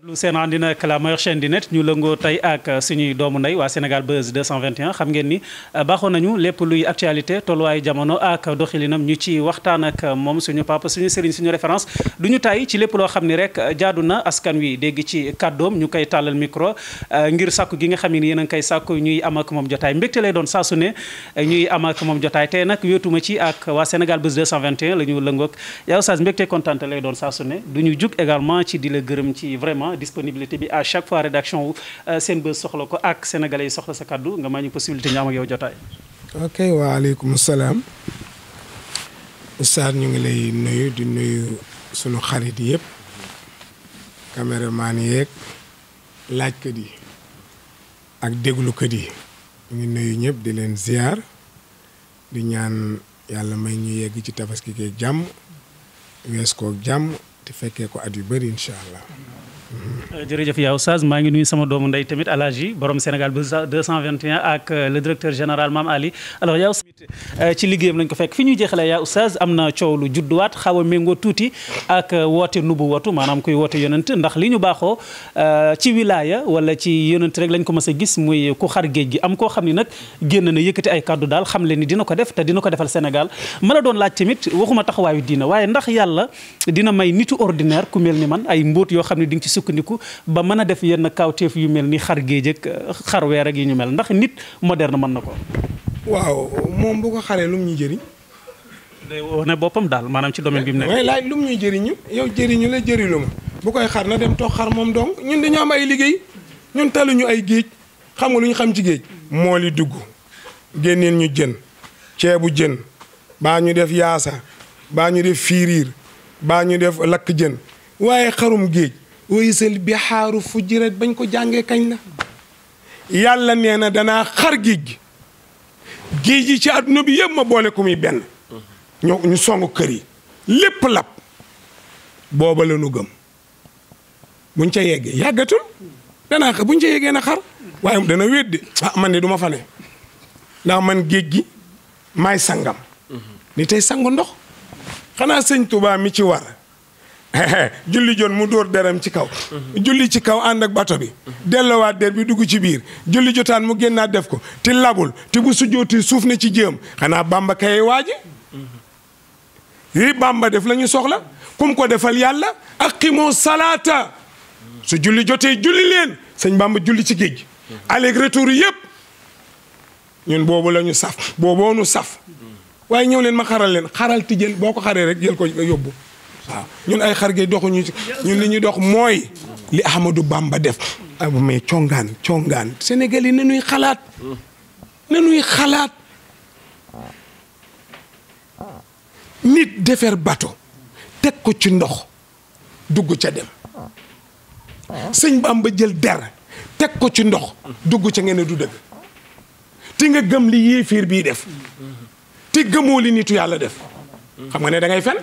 lu seen àndina ak la meilleure chaîne di net ñu lëngoo tey ak suñuy doomu ndey waa Sénégal Buzz 221 xam ngeen ni euh, baaxoon nañu lépp luy actualité tolluwaayu jamono ak doxilinam ñu ci waxtaan ak moom suñu papa suñu sëriñ suñu référence du ñu ci lépp loo xam ni rek jaadu na askan wi dégg ci kàddoom ñu koy tàllal micro euh, ngir sàkku gi nga xam ne yéen a ngi koy sàkku ñuy am ak moom jotaay mbégte lay doon saa ne euh, ñuy am ak moom jotaay tey nag wéetuma ci ak waa Sénégal la ñu lëngoog yow Oustaz mbégte kontaan lay vraiment disponibilité bi à chaque fois rédaction wu euh, Senbuzz soxla ko ak sénégalais yi soxla sa kàddu nga may ñu possibilité ñu am ak yow jotaay. waa waaleykum salaam. Oustaz ñu ngi lay nuyu di nuyu sunu xarit yëpp caméraman yeeg laajkat yi ak déglukat yi ñu ngi nuyu ñëpp di leen ziar di ñaan yàlla may ñu yegg ci tabaski kee jàmm wees koog jàmm di fekkee ko at yu bëri incha allah. Euh, jërëjëf yow Oustaz maa ngi nuyu sama doomu ndey tamit Alaaji borom Sénégal ba 221 ak euh, le directeur général Mame Ali alors yow euh, ci liggéeyam lañ ko fekk fi ñuy jeexalee yaa Oustaz am na coow lu judduwaat xaw a méngoo tuuti ak woote nubu watu maanaam kuy woote yonent ndax li ñu baaxoo ci wilaaya wala ci yonent rek lañ ko mës a gis muy ku xar géej gi am koo xam ni nag génn na yëkkati ay kaddu daal xam leen ni dina ko def te dina ko defal Sénégal ma la doon laaj tamit waxuma taxawaayu diina waaye ndax yàlla dina may nitu ordinaire ku mel ni sukkandiku ba mën a def yenn kawteef yu mel ni xar géej ak euh, xar weer ak yu ñu mel ndax nit moderne mën na ko. waaw moom bu ko xaree lum ñu jëriñ. day wane boppam daal maanaam ci domaine bi mu nekk. waaye laaj lum ñuy jëriñu yow jëriñu la jëriñu ma bu koy xar na dem toog xar moom dong ñun dañu am ay liggéey ñun taluñu ay géej xam nga lu ñu xam ci géej. moo li dugg génneen ñu jën ceebu jën baa ñu def yaasa baa ñu def fiiriir baa ñu def lakk jën waaye xarum géej waysal bi xaaru fujirat bañ ko jàngee kañ na yàlla nee na danaa xar géej gi géej yi ci àdduna bi yëpp ma boole ku muy benn ñu ñu song kër yi lépp lab booba la nu gëm buñ ca yeggee yàggatul danaa buñ ca yeggee na xar waaye dana weddi ah man de du ma ndax man géej gi may sangam mhm. ni tey sangu ndox xanaa sëñ Tuubaa mi ci war julli jon mu dóor deram ci kaw julli ci kaw ànd ak bato bi dellowaat der bi dugg ci biir julli jotaan mu génnaa def ko ti labul ti bu sujjooti suuf ne ci jéem xanaa bamba kay waaji yi bamba def la soxla kum ko defal yàlla ak aqimoo salaata su julli jotee julli leen sëñ bamba julli ci géej aller yépp ñun boobu lañu ñu saf booboo nu saf waaye ñëw leen ma xaral leen xaral ti jël boo ko xaree rek jël ko yóbbu waaw ñun ay xar gi doxuñu ñun li ñuy dox mooy li du Bamba def abu mais congaan congaan Sénégal yi nañuy xalaat nañuy xalaat nit defar bato teg ko ci ndox dugg ca dem sëñ Bamba jël der teg ko ci ndox dugg ca ngeen du dëgg ti nga gëm li yéefiir bii def te gëmoo li nitu yàlla def xam nga ne da ngay fen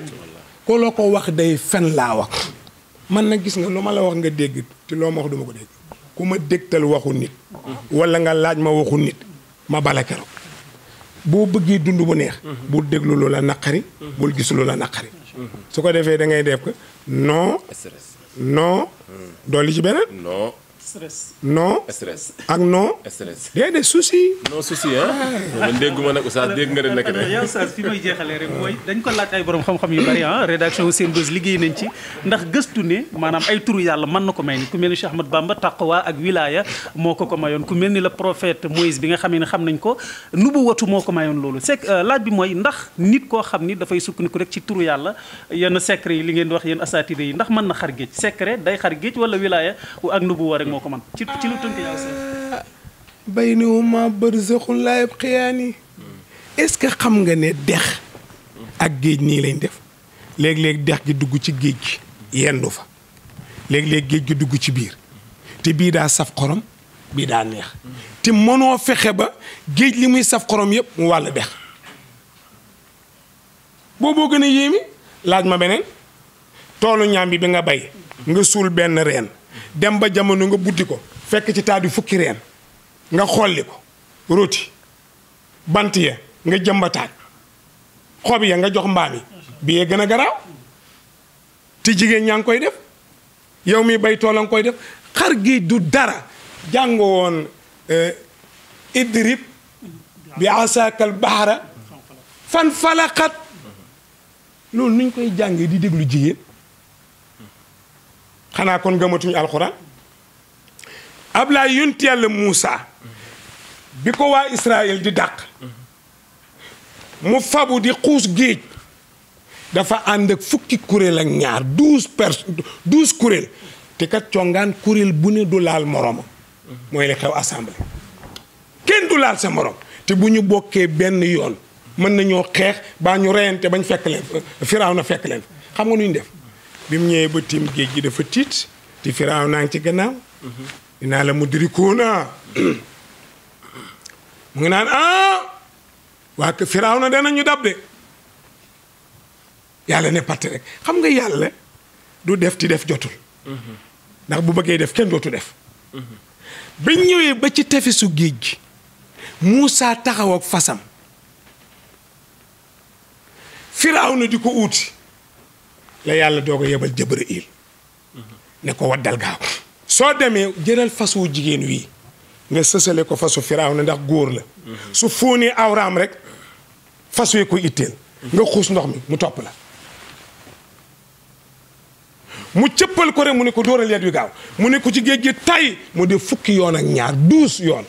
ko la ko wax day fen laa wax man na gis nga lu ma la wax nga dégg ci loo ma wax duma ko dégg ku ma dégtal waxu nit wala nga laaj ma waxu nit ma bala keroog boo bëggee dund bu neex mhm. bul déglu la naqari mhm. bul gis la naqari mhm. su ko defee da ngay def ko non non li ci beneen stress non. stress ak non. stress déedéet souci. non souci ah. man dégguma nag oustaz dégg nga de nekk de. yow dañ ko laaj ay borom xam-xam yu bari ah rédaction Senbuzz liggéey nañ ci ndax gëstu ne maanaam ay turu yàlla mën na ko may ni ku mel ni Cheikh Ahmad Bamba taqwa ak wilaya moo ko ko mayoon ku mel ni le prophète Moïse bi nga xamee ne xam nañ ko nubu watu moo ko mayoon loolu c'est euh, laaj bi mooy ndax nit koo xam ni dafay sukk ku rek ci turu yàlla yenn secret yi li ngeen di wax yéen asatide yi ndax mën na xar géej secret day xar géej wala wilaya moo ci ci lu ah, bay ni wuma barzaxun laa yabqiyaani est-ce que xam nga ne dex ak géej nii lañ def léeg-léeg dex gi dugg ci géej gi yendu fa léeg-léeg géej gi dugg ci biir te bii daa saf xorom bii daa neex te mënoo fexe ba géej li muy saf xorom yëpp mu wàll dex booboo gën a yéemi laaj ma beneen toolu ñaam bi bi nga bay nga suul benn reen dem ba jamono nga buddi ko fekk ci taat fukki reen nga xolli ko róoti bant ya nga jëmbataat xob ya nga jox mbaam yi bi yee gën garaaw te jigéen ñaa ngi koy def yow mi bay toola nga koy def xar gi du dara jàng woon eh, idrib bi asakal baxara fan falaxat loolu nuñ koy jàngee di déglu jigéen xanaa kon gëmatuñu alxuraan Ablaay yonent yàlla Muusa bi ko waa Israël di dàq mu fabu di xuus géej dafa ànd ak fukki kuréel ak ñaar douze personnes douze kuréel te kat congaan kuréel bu ne du laal moroomam mooy li xew assemblée kenn du laal sa morom te bu ñu bokkee benn yoon mën nañoo xeex baa ñu reyante bañ fekk leen firaaw na fekk leen xam nga nu def bi mu ñëwee ba tiim géej gi dafa tiit ti firaaw naa ngi ci gannaaw dinaa la mudrikuuna mu ngi naan ah waa kër firaaw na danañu dab de yàlla ne parte rek xam nga yàlla du def ti def jotu ndax bu bëggee def kenn dootu def ba ñëwee ba ci tefesu géej gi Muusaa taxaw ak fasam firaaw na di ko uuti la yàlla doog a yebal Jibriil ne ko waddal gaaw soo demee jëlal fas wu jigéen wii nga sësale ko fasu firaaw na ndax góor la su fóonee awraam rek fas wee ko itteel nga xuus ndox mi mu topp la mu cëppal ko rek mu ne ko dóoral yet wi gaaw mu ne ko ci géej gi tay mu def fukki yoon ak ñaar douze yoon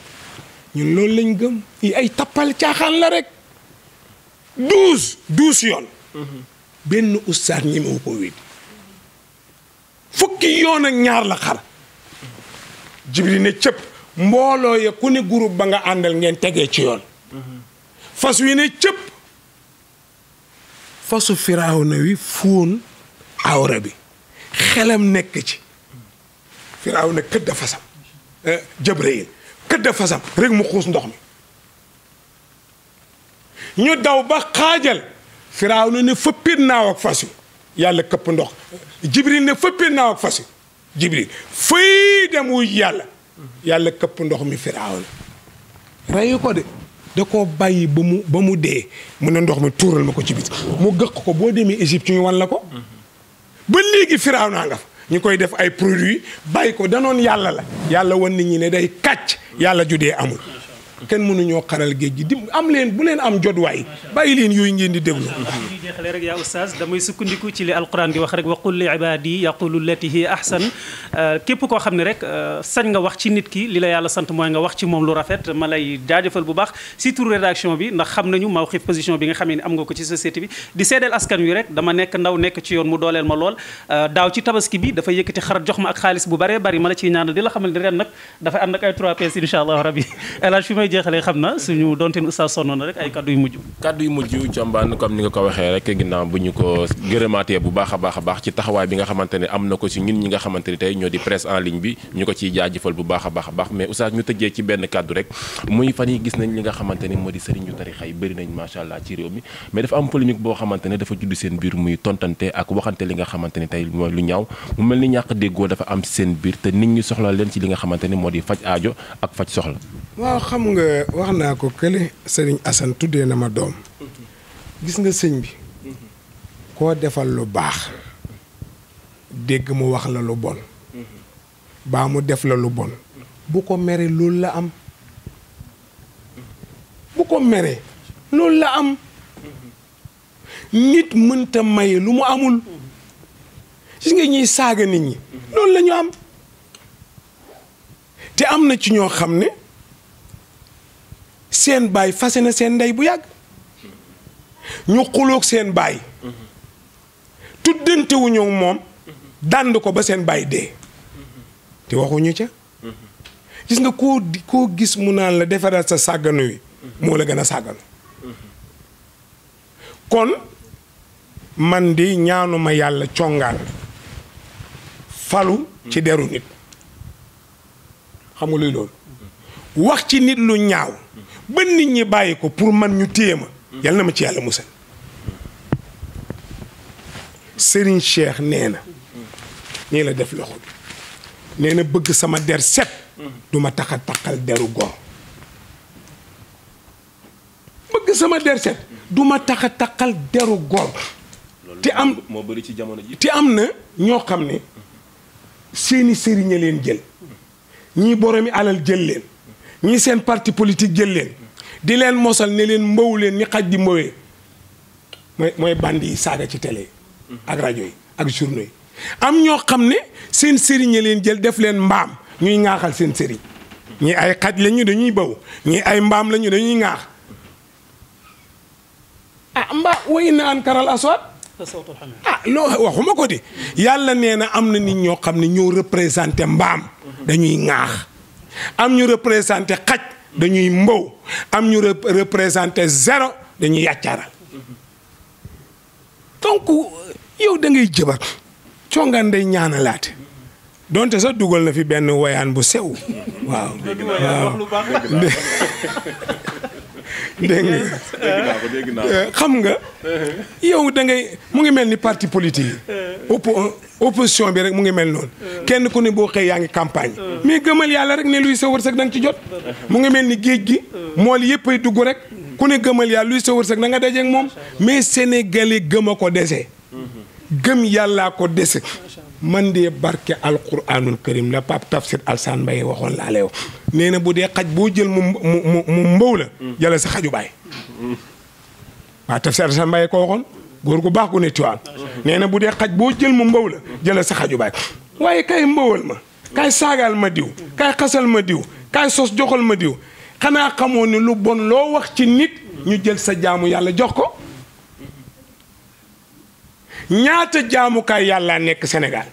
ñun loolu lañ gëm yi ay tappal caaxaan la rek douze douze yoon mm-hmm. benn ustaas ñi mewu ko wéet fukki yoon ak ñaar la xar jibri ne cëpp mbooloo ya ku ne groupe ba nga àndal ngeen tegee ci yoon fas wi ne cëpp fasu firawna wi fóon awra bi xelam nekk ci firawna këdda fasam eh, jabrayil këdda fasam rek mu xuus ndox mi ñu daw ba xaajal Firawna ne fëppit naaw ak fas yàlla këpp ndox Jibril ne fëppit naaw ak fas wi Jibril fëy dem wuy yàlla yàlla këpp ndox mi Firawna reyu ko de da koo bàyyi ba mu ba mu dee mu na ndox mi tuural ma ko ci biti mu gëq ko boo demee Égypte ñu wan la ko ba léegi Firawna nga fa ñu koy def ay produits bàyyi ko danoon yàlla la yàlla wan nit ñi ne day kàcc yàlla ju dee amul kenn mënuñoo xaral géej gi di am leen bu leen am jot waay bàyyi leen yooyu ngeen di déglu mhm. jeexale rek yaa oustaz damay sukkandiku ci li alquran di wax rek waqul li ibadi yaqulu lati hi ahsan euh, képp koo xam ne rek euh, sañ nga wax ci nit ki li la yàlla sant mooy nga wax ci moom lu rafet ma lay bu baax si tur rédaction bi ndax xam nañu maaw xiif position bi nga xam ne am nga ko ci société bi di seedeel askan wi rek dama nekk ndaw nekk ci yoon mu dooleel ma lool euh, daaw ci tabaski bi dafa yëkkati xar jox ma ak xaalis bu baree bari ma la ciy ñaanal di la xamal ni ren nag dafa ànd ak ay 3 allah rabbi jeexalee xam na suñu donteen oustaz sonn na rek ay kaddu yu mujj kaddu yu mujj combaan comme ni nga ko waxee rek ginnaaw bu ñu ko gërëmaatee bu baax a baax a baax ci taxawaay bi nga xamante ne am na ko si ñun ñi nga xamante ne tey ñoo di presse en ligne bi ñu ko ciy jaajëfal bu baax a baax a baax mais oustaz ñu tëjee ci benn kaddu rek muy fan yi gis nañ li nga xamante ne moo di sëriñ yu tarixa yi bëri nañ macha allah ci réew mi mais dafa am polémique boo xamante ne dafa judd seen biir muy tontante ak waxante li nga xamante ne tey mooy lu ñaaw mu mel ni ñàkk déggoo dafa am seen biir te nit ñi soxla leen ci li nga xamante ne moo di faj aajo ak faj soxla wax naa ko kële sëriñ Assane tuddee na ma doom gis nga sëñ bi koo defal lu baax dégg mu wax la lu bon baa mu def la lu bon bu ko mere loolu la am ko mere loolu la am nit mënta maye lu mu amul gis nga ñuy saaga nit ñi loolu la am te am na ci ñoo xam ne seen baay fase na seen ndey bu yàgg ñu xuloog seen baay tuddantewuñu moom dànd ko ba seen baay dee te waxuñu ca gis nga koo koo gis mu naan la defaraat sa sàgganu wi moo la gën a sàgganu kon man di ñaanuma yàlla congaan falu ci deru nit xam nga loolu wax ci nit lu ñaaw ba nit ñi bàyyi ko pour man ñu téye ma yal na ma ci yàlla musal Serigne Cheikh nee na nii la def loxo bi na bëgg sama der du ma tax a taqal deru tax a taqal deru góor te am moo bëri ci jamono ji te am na ñoo xam ne seeni sëriñ leen jël ñii boroomi alal jël leen ñii seen parti politique jël leen di leen mosal ni leen mbawu leen ni xaj di mbawee mooy mooy bandi yi saaga ci télé ak rajo yi ak journaux yi am ñoo xam ne seen sëriñ leen jël def leen mbaam ñuy ŋaaxal seen sëriñ ñii ay xaj lañu dañuy baw ñii ay mbaam lañu ñu dañuy ŋaax ah mbaa wa inna ankaral aswat ah loo waxuma ko de yàlla nee na am na nit ñoo xam ne ñoo représenté mbaam dañuy ŋaax am ñu représenté xaj dañuy mbow am ñu représenté zéro dañuy yàccaaral donc yow da ngay jëbar congaan day ñaanalaate donte sax dugal na fi benn woyaan bu sew waaw waaw dégg nga eh, xam nga. yow da ngay mu ngi mel ni parti politique yi. oppo opposition bi rek mu ngi mel noonu. kenn ku ne boo xëy yaa ngi campagne. mais gëmal yàlla rek ne luy sa wërsëg da nga ci jot. mu ngi mel ni géej gi. mool yëppay dugg rek. ku ne gëmal yàlla luy sa wërsëg da nga dajeeg moom. mais sénégalais gëm a ko dese. gëm yàllaa ko dese. man de barke alquranul karim la Pape Tafsir Alsaan Mbaye waxoon laa lay na bu dee xaj boo jël mu mu mu mbaw la. yàlla sa xaju baay. waaw Tafsir Alsaan Mbaye ko waxoon góor nee na bu dee xaj boo jël mu mbaw la jëla sa xaju baay waaye kay mbawal ma. kay saagaal ma diw. kaay xasal ma diw. kaay sos joxal ma diw. xanaa xamoo ne lu bon loo wax ci nit. ñu jël sa jaamu yàlla jox ko. ñaata jaamukaay yàllaa nekk Sénégal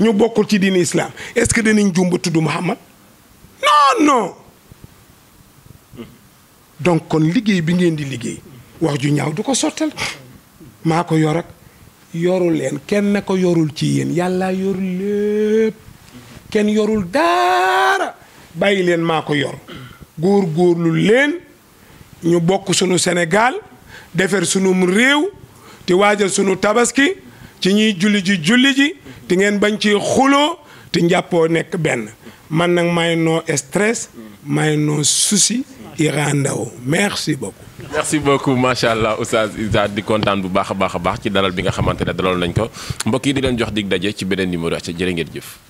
ñu bokkul ci diine islam est-ce que danañ jumba tudd Muhammad non non donc kon liggéey bi ngeen di liggéey wax ju ñaaw du ko sottal maa ko yor ak yorul leen kenn ko yorul ci yéen yàlla yorul lépp kenn yorul daara bàyyi leen maa ko yor góor góorlu leen ñu bokk sunu Sénégal defar sunum réew di waajal sunu tabaski ci ñuy julli ji julli ji te ngeen bañ ci xuloo te njàppoo nekk benn man nag may noo stress may noo souci Iran Ndao merci beaucoup. merci beaucoup macha allah oustaz Isa di kontaan bu baax a baax a baax ci dalal bi nga xamante ne dalal nañ ko mbokk yi di leen jox dig daje ci beneen numéro ca jërë ngeen jëf.